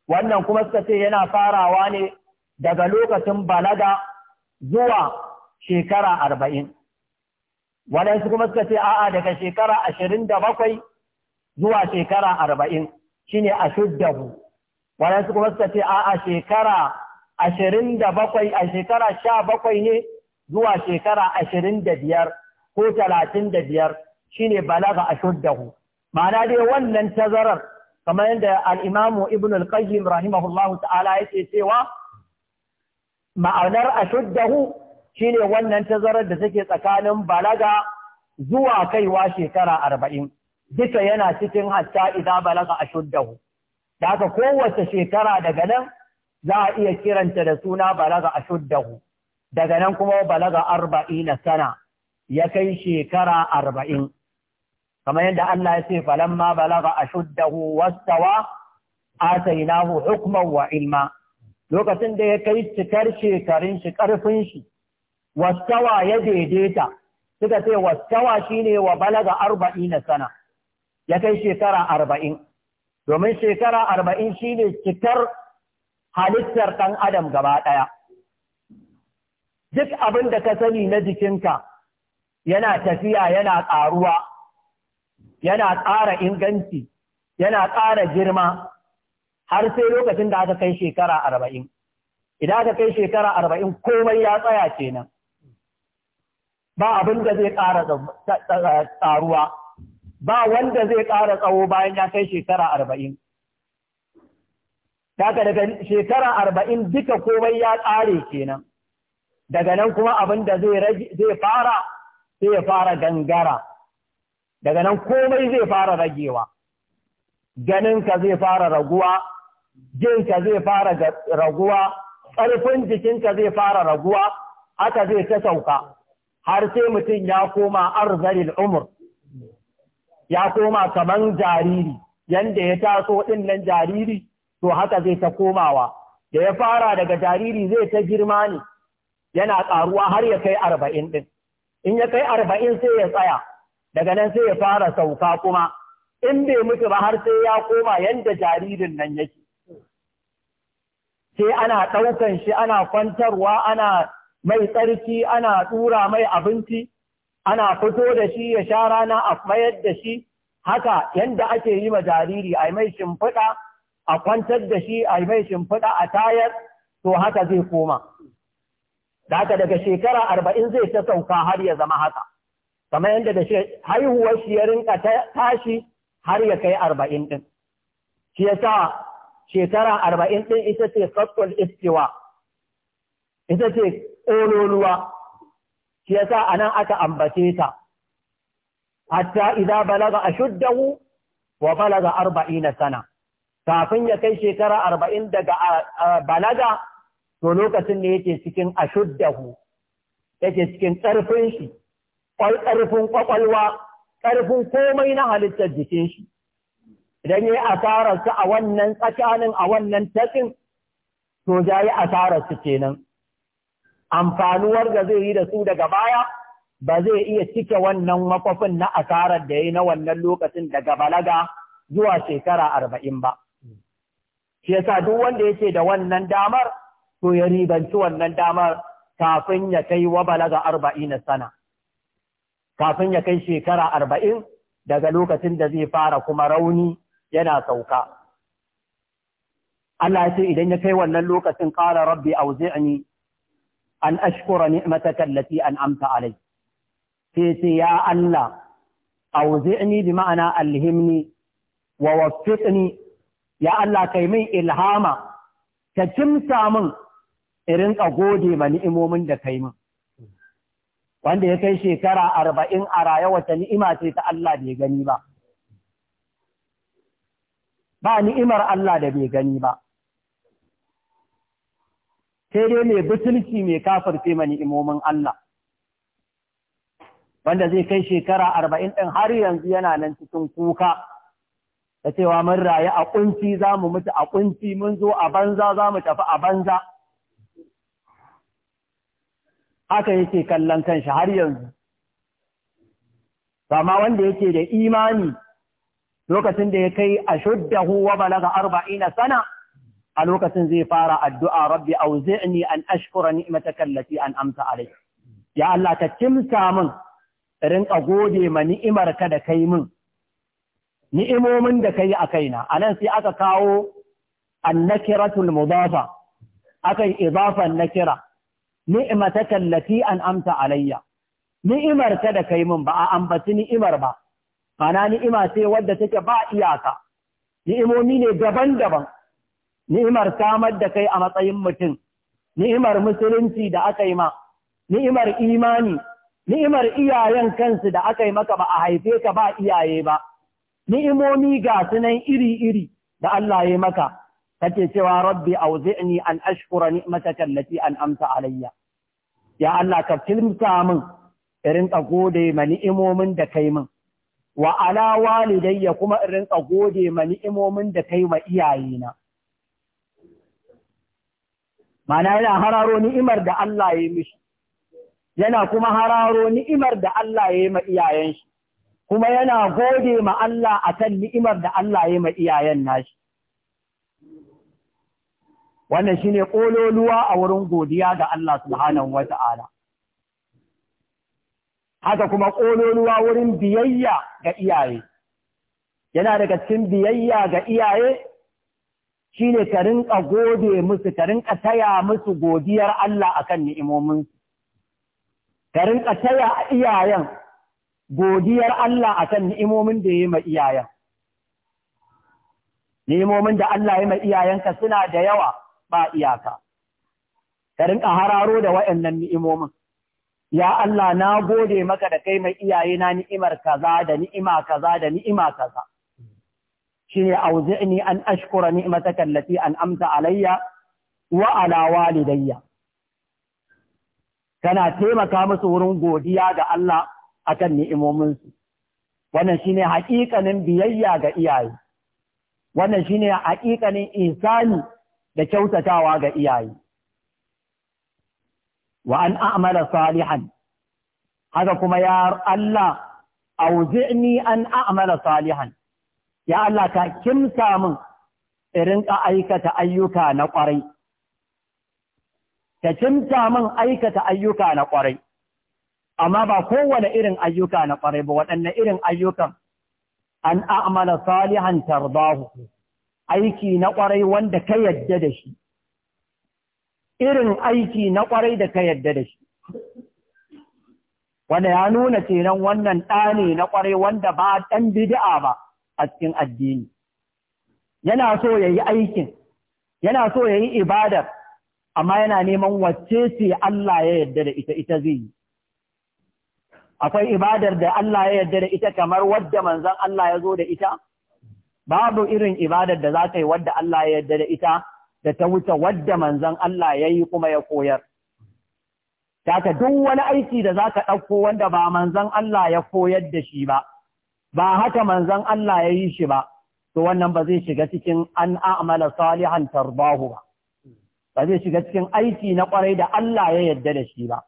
Speaker 1: wannan kuma suka ce yana farawa ne daga lokacin balaga zuwa shekara arba'in waɗansu kuma suka ce a'a daga shekara ashirin da bakwai zuwa shekara arba'in shine ashuddahu waɗansu kuma suka ce a'a shekara ashirin da bakwai a shekara sha bakwai ne zuwa shekara ashirin da biyar ko talatin da biyar shine balaga a shuddahu ma'ana dai wannan tazarar kamar yadda al'imamu ibn al-qayyim rahimahullahu ta'ala yake cewa ma'anar a shuddahu shine wannan tazarar da take tsakanin balaga zuwa kaiwa shekara arba'in duka yana cikin hatta idan balaga a shuddahu da haka kowace shekara daga nan za a iya kiranta da suna balaga a shuddahu daga nan kuma balaga na sana ya kai shekara arba'in kamar yadda Allah ya ce falamma balaga a shuddahu wastawa atainahu hukman wa ilma lokacin da ya kai cikar shekarun shi karfin shi wastawa ya daidaita suka ce wastawa shine wa balaga na sana ya kai shekara arba'in domin shekara arba'in shine cikar halittar ɗan adam gaba ɗaya. Duk abin da ka sani na jikinka yana tafiya yana ƙaruwa, yana ƙara inganci, yana ƙara girma har sai lokacin da aka kai shekara arba'in. Idan aka kai shekara arba'in komai ya tsaya kenan. Ba abin da zai ƙara ƙaruwa, ba wanda zai ƙara tsawo bayan ya kai shekara arba'in. Daga daga shekara arba'in duka komai ya tsare kenan. Daga nan kuma abin da zai fara sai fara gangara. Daga nan komai zai fara ragewa. Ganinka zai fara raguwa, jinka zai fara raguwa, ƙarfin jikinka zai fara raguwa, aka zai ta sauka. Har sai mutum ya koma arzaril umur, ya koma kaman jariri, yanda ya taso ɗin nan jariri. to haka zai ta komawa da ya fara daga jariri zai ta girma ne yana ƙaruwa har ya kai arba'in ɗin in ya kai arba'in sai ya tsaya daga nan sai ya fara sauka kuma in bai mutu ba har sai ya koma yadda jaririn nan yake sai ana ɗaukan shi ana kwantarwa ana mai tsarki ana ɗura mai abinci ana fito da shi ya sha rana a mayar da shi haka yadda ake yi ma jariri a mai shimfiɗa a kwantar da shi a mai shimfiɗa a tayar to haka zai koma da haka daga shekara arba'in zai ta sauka har ya zama haka kamar yadda da haihuwar shi ya rinka tashi har ya kai arba'in ɗin shi ya sa shekara arba'in ɗin ita ce sattul istiwa ita ce ƙololuwa shi ya sa a nan aka ambace ta hatta idan balaga a shuddahu wa balaga na sana kafin ya kai shekara arba'in daga balaga to lokacin ne yake cikin ashuddahu yake cikin ƙarfin shi ƙarfin ƙwaƙwalwa ƙarfin komai na halittar jikin shi idan ya yi su a wannan tsakanin a wannan tasin to ya yi su kenan amfanuwar da zai yi da su daga baya ba zai iya cike wannan makwafin na asarar da ya yi na wannan lokacin daga balaga zuwa shekara arba'in ba. shi yasa duk wanda yake da wannan damar to ya ribanci wannan damar kafin ya kai wa balaga arba'in sana kafin ya kai shekara arba'in daga lokacin da zai fara kuma rauni yana sauka Allah ya ce idan ya kai wannan lokacin ƙara rabbi auzi'ni an ashkura ni'mataka allati an'amta alai sai ce ya Allah auzi'ni bi ma'ana alhimni wa waffiqni ya Allah kai min ilhama ta cimta min irin ka gode ma ni'imomin da kai min wanda ya kai shekara arba'in a raya wata ni'ima ce ta Allah bai gani ba ba ni'imar Allah da bai gani ba sai dai mai butulci mai fi ma ni'imomin Allah wanda zai kai shekara arba'in ɗin har yanzu yana nan cikin kuka da cewa mun rayu a kunci za mu mutu a kunci mun zo a banza za mu tafi a banza haka yake kallon kanshi har yanzu ma wanda yake da imani lokacin da ya kai a shudda huwa balaga arba'ina sana a lokacin zai fara addu'a rabbi auzi'ni an ashkura ni'mataka allati an amsa ala'i. ya Allah ka kimsa min rinka gode ma ni'imar ka da kai min ni'imomin da yi a kaina anan sai aka kawo annakiratul mudafa akan idafan nakira ni'mataka an an'amta alayya ni'imar ta da kai min ba a ambaci ni'imar ba ana ni'ima ce wadda take ba iyaka ni'imomi ne daban-daban ni'imar samar da kai a matsayin mutum ni'imar musulunci da aka yi ma ni'imar imani ni'imar iyayen kansu da aka yi maka ba a haife ka ba iyaye ba ni'imomi ga sunan iri-iri da Allah ya maka kake cewa rabbi auzi'ni an ashkura tallafi an amsa alayya ya Allah ka filmta min irin gode ma ni'imomin da kai min wa ala walidayya kuma irin ka gode ma ni'imomin da kai ma iyayena mana yana hararo ni'imar da Allah ya mishi yana kuma hararo ni'imar da Allah ya yi ma iyayen shi kuma yana gode ma Allah a kan ni'imar da Allah ya ma iyayen nashi. Wannan shi ne ƙololuwa a wurin godiya ga Allah subhanahu wa ta'ala. Haka kuma ƙololuwa wurin biyayya ga iyaye. Yana daga cikin biyayya ga iyaye shi ne ka rinƙa gode musu, ka rinƙa taya musu godiyar Allah a kan ni'imominsu. Ka rinƙa taya iyayen godiyar Allah akan ni'imomin da ya yi mai iyayen. Ni'imomin da Allah ya ma iyayenka suna da yawa ba iyaka. Ka rinka hararo da waɗannan ni'imomin. Ya Allah na gode maka da kai mai iyaye na ni'imar kaza da ni'ima kaza da ni'ima kaza. Shine ni an ashkura kallafi an amta alayya wa alawa lidayya. Kana taimaka musu wurin godiya ga Allah akan ni'imominsu wannan shine haƙiƙanin biyayya ga iyaye wannan shine haƙiƙanin insani da kyautatawa ga iyaye wa an salihan haka kuma ya Allah auzi'ni an a'mala salihan ya Allah ka kimsa min irin ka aikata ayyuka na ƙwarai ka kimsa min aikata ayyuka na ƙwarai amma ba kowane irin ayyuka na ƙwarai ba waɗanne irin ayyukan an a'amala salihan tarbahu aiki na ƙwarai wanda ka yadda da shi irin aiki na ƙwarai da ka yadda da shi wanda ya nuna kenan wannan ɗane na ƙwarai wanda ba ɗan bid'a ba a cikin addini yana so ya yi aikin yana so ya yi ibadar amma yana neman wacce ce Allah ya yadda da ita ita zai yi akwai ibadar da Allah ya yarda da ita kamar wadda manzon Allah ya zo da ita babu irin ibadar da za ta yi wadda Allah ya yarda da ita da ta wuce wadda manzon Allah ya yi kuma ya koyar Taka duk wani aiki da za ka ɗauko wanda ba manzan Allah ya koyar da shi ba, ba haka manzon Allah ya yi shi ba, to wannan ba zai shiga cikin an a'mala salihan tarbahu ba, ba zai shiga cikin aiki na ƙwarai da Allah ya yarda da shi ba.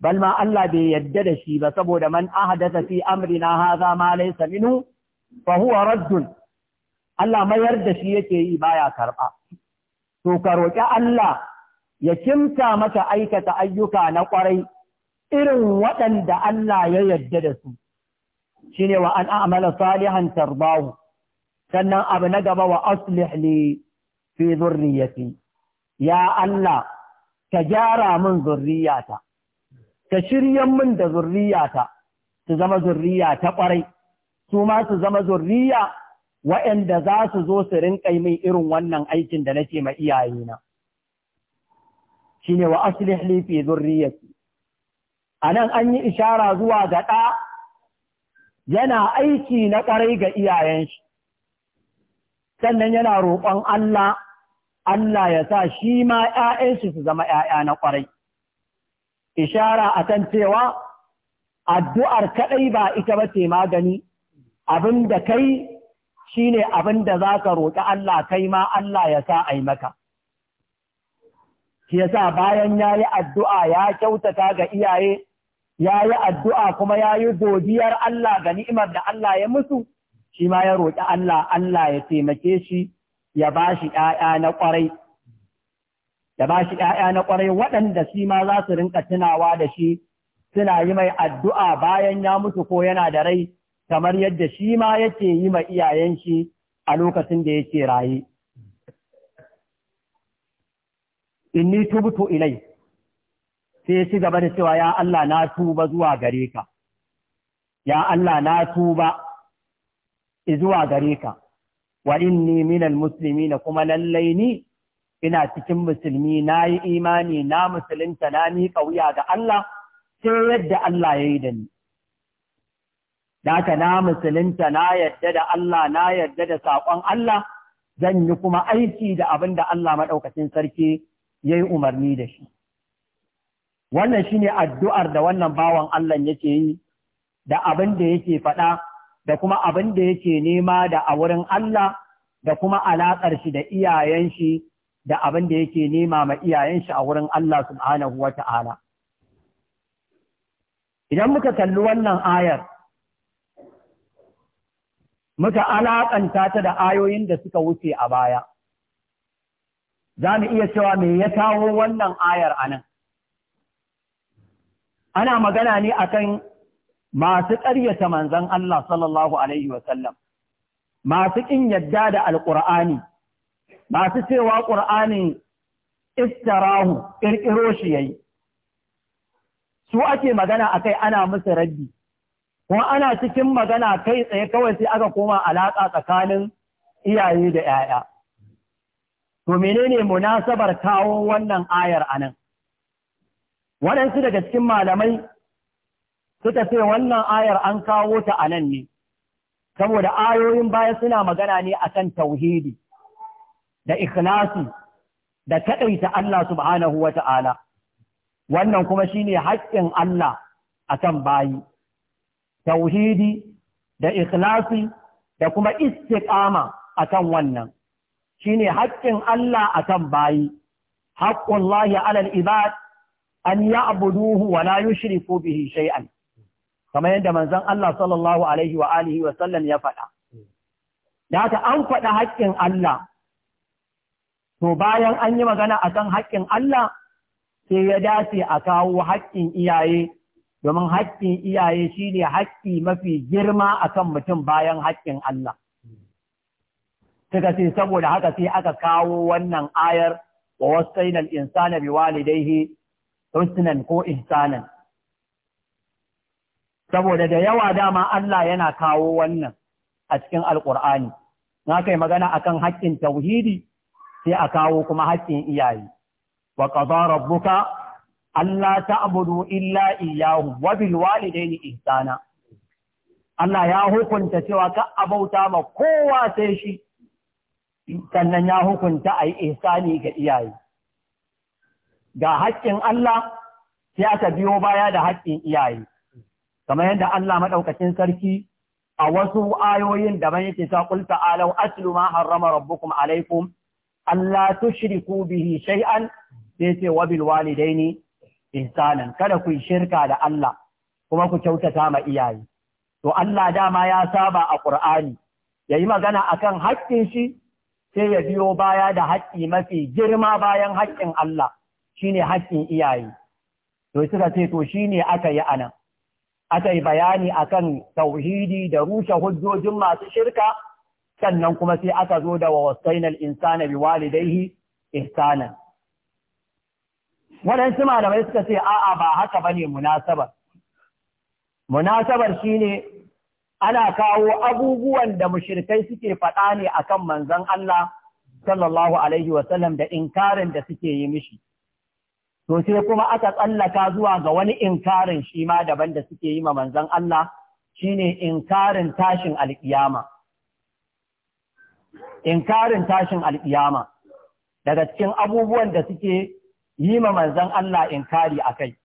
Speaker 1: bal ma Allah bai yadda da shi ba saboda man ahdatha fi amrina hadha ma laysa minhu fa huwa raddun Allah mayar da shi yake yi baya karba to ka roki Allah ya kimta maka aikata ayyuka na kwarai irin waɗanda Allah ya yarda da su shine wa an a'mala salihan tarbahu sannan abu na gaba wa aslih li fi ya Allah ka gyara min zurriyata ka shiryan min da zurriyata su zama zurriya ta ƙwarai su ma su zama zurriya wayanda za su zo su rinƙa min irin wannan aikin da nake ma iyayena ne wa aslih zurriya zurriyarsu? A nan an yi ishara zuwa ga ɗa yana aiki na ƙwarai ga iyayen shi sannan yana roƙon Allah Allah ya sa shi ma ‘ya'yansu su zama ‘ya'ya na ƙwarai. ishara akan cewa addu'ar kaɗai ba ita ba ce magani, abin da kai shi ne abin da za ka roƙi Allah kai ma Allah ya sa a maka. kiyasa sa bayan ya yi addu'a ya kyautata ga iyaye, ya yi addu'a kuma ya yi godiyar Allah ga ni'imar da Allah ya musu, shi ma ya roƙi Allah, Allah ya taimake shi ya ba shi ‘ya'ya na ƙwarai. da ba shi ‘ya'ya na ƙwarai waɗanda shi ma za su rinka tunawa da shi suna yi mai addu'a bayan ya mutu ko yana da rai kamar yadda shi ma yake yi ma iyayen shi a lokacin da yake raye. Inni tubutu ilai sai ci gaba da cewa ya Allah na tuba zuwa gare ka, ya Allah na tuba zuwa gare ka, wa inni minal musulmi na kuma lallai ni ina cikin musulmi na yi imani na musulunta na miƙa wuya ga Allah sai yadda Allah ya yi da ni. Daka na musulunta na yadda da Allah na yadda da saƙon Allah zan yi kuma aiki da abin da Allah maɗaukacin sarki ya yi umarni da shi. Wannan shi ne addu'ar da wannan bawan Allah yake yi da abin da yake faɗa da kuma abin da yake nema da a wurin Allah da kuma alaƙar shi da iyayen shi da abin da yake nema ma iyayen shi a wurin Allah subhanahu wa ta'ala. Idan muka kalli wannan ayar, muka alaƙanta ta da ayoyin da suka wuce a baya, za mu iya cewa me ya kawo wannan ayar a nan. Ana magana ne akan masu ƙaryata manzan Allah sallallahu Alaihi wasallam, masu ƙin yadda da Alƙur'ani. masu cewa ƙur'ani istarahu ƙirƙiro shi yayi su ake magana akai ana musu rabbi, kuma ana cikin magana kai tsaye kawai sai aka koma alaƙa tsakanin iyaye da 'ya'ya to menene munasabar kawo wannan ayar a nan. waɗansu daga cikin malamai suka ce wannan ayar an kawo ta a nan ne saboda ayoyin baya suna magana ne akan tauhidi da ikhlasi da kaɗaita Allah subhanahu wa ta'ala, wannan kuma shi ne haƙƙin Allah a kan bayi, tauhidi da ikhlasi da kuma istiƙama a kan wannan, shi ne haƙƙin Allah a kan bayi, haƙƙun lahi alal ibad an ya abuduhu wa shiri ko bihi shay'an. kamar yadda manzon Allah sallallahu alaihi wa wa sallam ya faɗa. Da haka an faɗa haƙƙin Allah To bayan an yi magana akan haƙƙin Allah sai ya dace a kawo haƙƙin iyaye domin haƙƙin iyaye shi ne haƙƙi mafi girma akan mutum bayan haƙƙin Allah. Suka ce saboda haka sai aka kawo wannan ayar wa wasu wasainal insana he, husnan ko insanan Saboda da yawa dama Allah yana kawo wannan a cikin Alƙur'ani. Na kai magana akan haƙƙin tauhidi sai a kawo kuma haƙƙin iyaye wa qadara rabbuka ta abudu illa iyahu, wa bil walidayni ihsana Allah ya hukunta cewa ka abauta ma kowa sai shi sannan ya hukunta a yi ihsani ga iyaye ga haƙƙin Allah sai aka biyo baya da haƙƙin iyaye kamar yadda Allah maɗaukacin sarki a wasu ayoyin daban yake sa ƙulta alau aslu ma harrama rabbukum alaikum Allah tushriku bihi shay'an sai ce wa bil walidaini ihsanan kada ku shirka da Allah kuma ku kyautata ma iyaye to Allah dama ya saba a Qur'ani yayi magana akan haƙƙin shi sai ya biyo baya da haƙƙi mafi girma bayan haƙƙin Allah shine haƙƙin iyaye to suka ce to shine aka yi anan aka yi bayani akan tauhidi da rushe hujjojin masu shirka sannan kuma sai aka zo da wa wasainal insana bi walidaihi ihsanan waɗansu malamai suka ce a'a ba haka bane munasabar munasabar shine ana kawo abubuwan da mushrikai suke faɗa ne akan manzon Allah sallallahu alaihi wasallam da inkarin da suke yi mishi to sai kuma aka tsallaka zuwa ga wani inkarin shi ma daban da suke yi ma manzon Allah shine inkarin tashin alkiyama inkarin tashin alƙiyama daga cikin abubuwan da suke yi ma manzan Allah inkari a kai.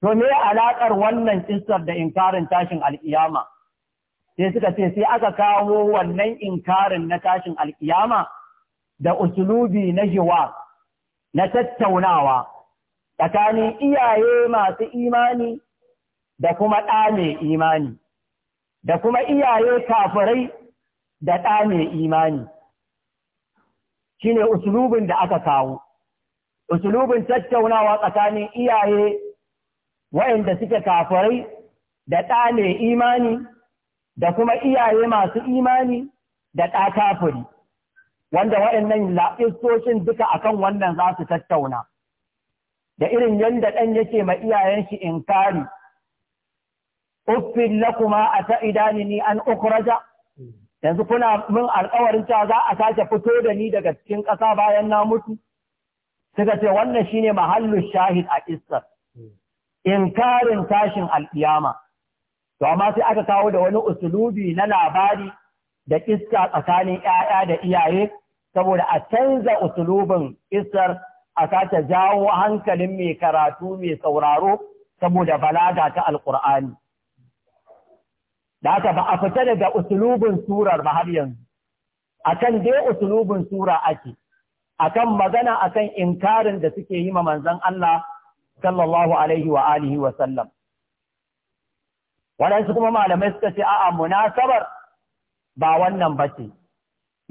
Speaker 1: To me alaƙar wannan kissar da inkarin tashin alƙiyama? Sai suka ce sai aka kawo wannan inkarin na tashin alƙiyama da usulubi na jiwa na tattaunawa tsakanin iyaye masu imani da kuma ɗa mai imani da kuma iyaye kafirai da ɗa mai imani Shi ne usulubin da aka kawo usulubin tattaunawa tsakanin iyaye waɗanda suke kafarai da ɗa mai imani da kuma iyaye masu imani da ɗa kafuri, wanda waɗannan la'istocin duka akan wannan za su tattauna da irin yadda ɗan yake ma iyayen shi inkari uffin lakuma a ta ni an ukuraja yanzu kuna min alkawarin cewa za a sake fito da ni daga cikin ƙasa bayan na mutu suka ce wannan shine mahallin shahid a kissar inkarin tashin alkiyama to amma sai aka kawo da wani usulubi na labari da kissa tsakanin ƴaƴa da iyaye saboda a canza usulubin Isar, a sake jawo hankalin mai karatu mai sauraro saboda balaga ta alkur'ani da haka ba a fita daga usulubin surar ba har yanzu akan dai usulubin sura ake akan magana akan inkarin da suke yi ma manzan Allah sallallahu alaihi wa alihi wa sallam waɗansu kuma malamai suka ce a'a munasabar ba wannan ba ce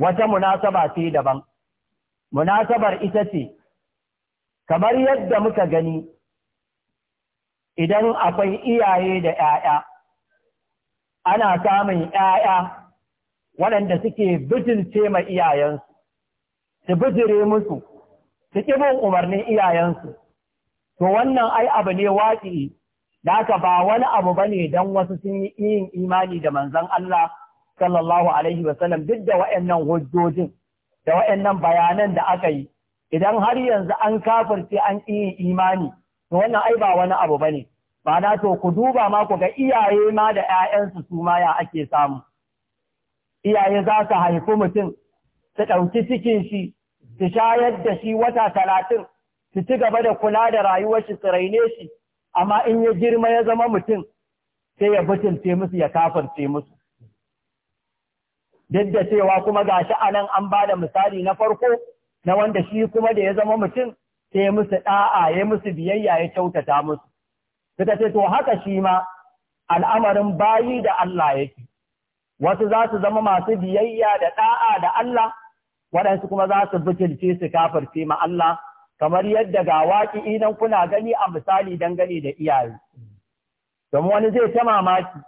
Speaker 1: wata munasaba ce daban munasabar ita ce kamar yadda muka gani idan akwai iyaye da ‘ya'ya ana samun ‘ya'ya waɗanda suke bijirce ma iyayensu, su bijire musu, su ƙibin umarnin iyayensu. To wannan ai abu ne waƙi, da aka ba wani abu ba ne don wasu sun yi yin imani da manzan Allah sallallahu Alaihi wasallam duk da wa'yannan hujjojin, da wa'yannan bayanan da aka yi, idan har yanzu an kafirce an ƙi imani, to wannan ai ba wani abu ba ne. Bana to ku duba ma ku ga iyaye ma da ‘ya'yansu su ma ya ake samu. Iyaye za su haifi mutum, su ɗauki cikin shi, su shayar da shi wata talatin, su ci gaba da kula da rayuwar shi su raine shi, amma in ya girma ya zama mutum, sai ya butulce musu ya kafarce musu. Duk da cewa kuma ga shi anan an ba da misali na farko, na wanda shi kuma da ya zama mutum, sai ya musu ɗa'a, ya musu biyayya, ya kyautata musu. sai ta ce to haka shi ma al'amarin bayi da Allah yake wasu za su zama masu biyayya da ɗa'a da Allah waɗansu kuma za su butulce su kafirce ma Allah kamar yadda ga waƙi idan kuna gani a misali dangane da iyaye domin wani zai ta mamaki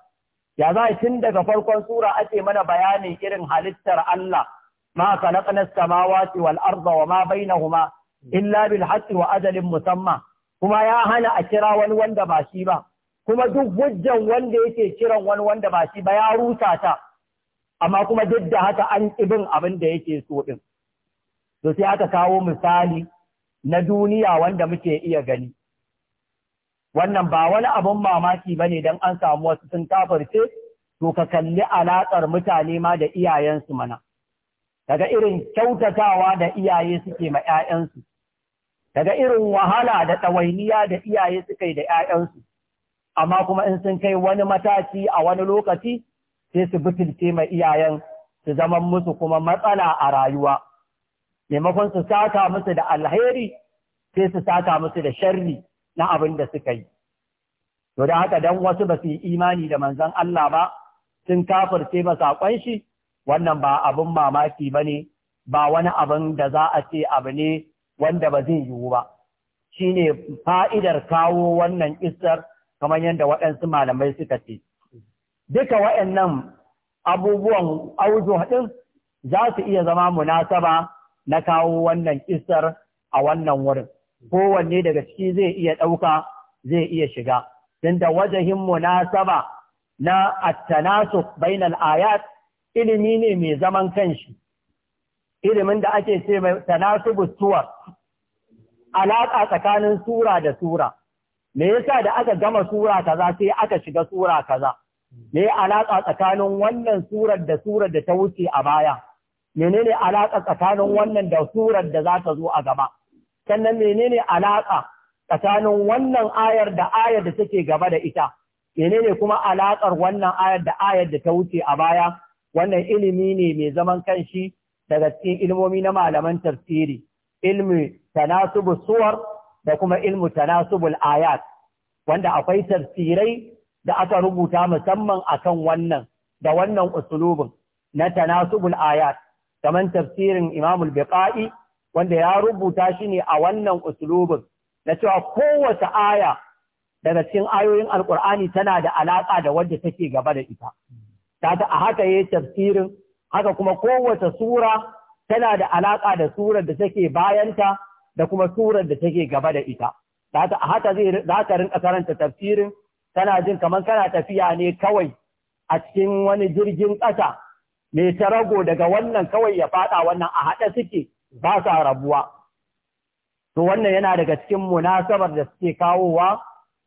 Speaker 1: ya za tun daga farkon sura ake mana bayanin irin halittar Allah ma khalaqna as-samawati wal arda wa ma bainahuma illa bil haqqi wa ajalin musamma kuma ya hana a kira wani wanda ba shi ba kuma duk hujjan wanda yake kiran wani wanda ba shi ba ya rusa ta amma kuma duk da haka an bin abin da yake so ɗin to sai aka kawo misali na duniya wanda muke iya gani wannan ba wani abin mamaki ba ne don an samu wasu sun kafarce, to ka kalli alaƙar mutane ma da iyayensu mana daga irin kyautatawa da iyaye suke ma 'ya'yansu daga irin wahala da ɗawainiya da iyaye suka yi da ‘ya'yansu, amma kuma in sun kai wani mataki a wani lokaci sai su butulce mai iyayen su zama musu kuma matsala a rayuwa, maimakon su sata musu da alheri sai su sata musu da sharri na abin da suka yi. To da haka don wasu ba su yi imani da manzon Allah ba, sun kafirce ba saƙon shi, wannan ba abin mamaki ba ne, ba wani abin da za a ce abu ne wanda ba zai yiwu ba shi ne fa'idar kawo wannan isar kamar yadda waɗansu malamai suka ce duka waɗannan abubuwan auzo ɗin za su iya zama munasaba na kawo wannan isar a wannan wurin kowanne daga ciki zai iya ɗauka zai iya shiga tunda wajahin munasaba na attanasu bainal ayat ilimi ne mai zaman kanshi ilimin da ake ce mai tanasubus suwar alaƙa tsakanin sura da sura me yasa da aka gama sura kaza sai aka shiga sura kaza me alaƙa tsakanin wannan surar da surar da ta wuce a baya menene alaƙa tsakanin wannan da surar da za ta zo a gaba sannan menene alaƙa tsakanin wannan ayar da ayar da take gaba da ita menene kuma alaƙar wannan ayar da ayar da ta wuce a baya wannan ilimi ne mai zaman kanshi daga cikin ilmomi na malaman tafsiri ilmi tanasubu suwar da kuma ilmu tanasubul ayat wanda akwai tafsirai da aka rubuta musamman akan wannan da wannan usulubin na tanasubul ayat kamar tafsirin Imam al baqi wanda ya rubuta shi ne a wannan usulubin na cewa kowace aya daga cikin ayoyin alkur'ani tana da alaka da wanda take gaba da ita ta a haka yayi tafsirin haka kuma kowace sura tana da alaƙa da surar da take bayanta da kuma surar da take gaba da ita A haka zai za ka rinka karanta tafsirin Tana jin kamar kana tafiya ne kawai a cikin wani jirgin ƙasa mai rago daga wannan kawai ya faɗa wannan a haɗa suke ba sa rabuwa to wannan yana daga cikin munasabar da suke kawowa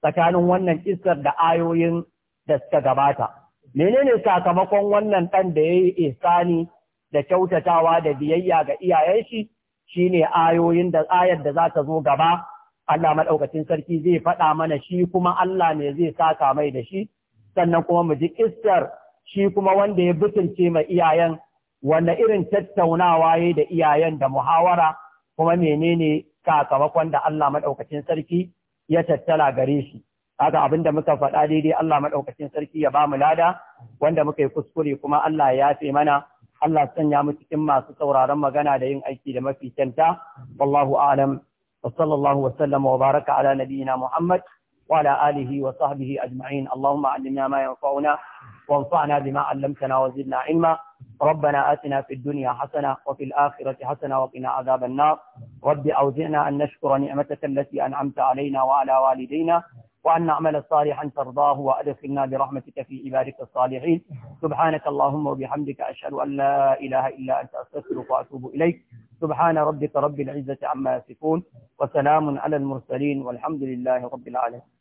Speaker 1: tsakanin wannan kisar da ayoyin da suka gabata menene sakamakon wannan ɗan da ya yi ihsani da kyautatawa da biyayya ga iyayen shi shine ayoyin da ayar da za ta zo gaba Allah madaukakin sarki zai faɗa mana shi kuma Allah ne zai saka mai da shi sannan kuma mu ji iskar shi kuma wanda ya butunce mai iyayen wanda irin tattaunawa ya da iyayen da muhawara kuma menene sakamakon da Allah madaukakin sarki ya tattala gare shi haka abinda muka faɗa daidai Allah madaukakin sarki ya ba mu lada wanda muka yi kuskure kuma Allah ya yafe mana Allah sanya mu cikin masu sauraron magana da yin aiki da mafi kyanta wallahu a'lam wa sallallahu wa sallama wa baraka ala nabiyyina Muhammad wa ala alihi wa sahbihi ajma'in Allahumma allimna ma yanfa'una وانفعنا بما علمتنا وزدنا علما ربنا آتنا في الدنيا حسنة وفي الآخرة حسنة وقنا عذاب النار رب أوزعنا أن نشكر نعمتك التي أنعمت علينا وعلى والدينا وأن نعمل صالحا ترضاه وأدخلنا برحمتك في عبادك الصالحين سبحانك اللهم وبحمدك أشهد أن لا إله إلا أنت أستغفرك وأتوب إليك سبحان ربك رب العزة عما يصفون وسلام على المرسلين والحمد لله رب العالمين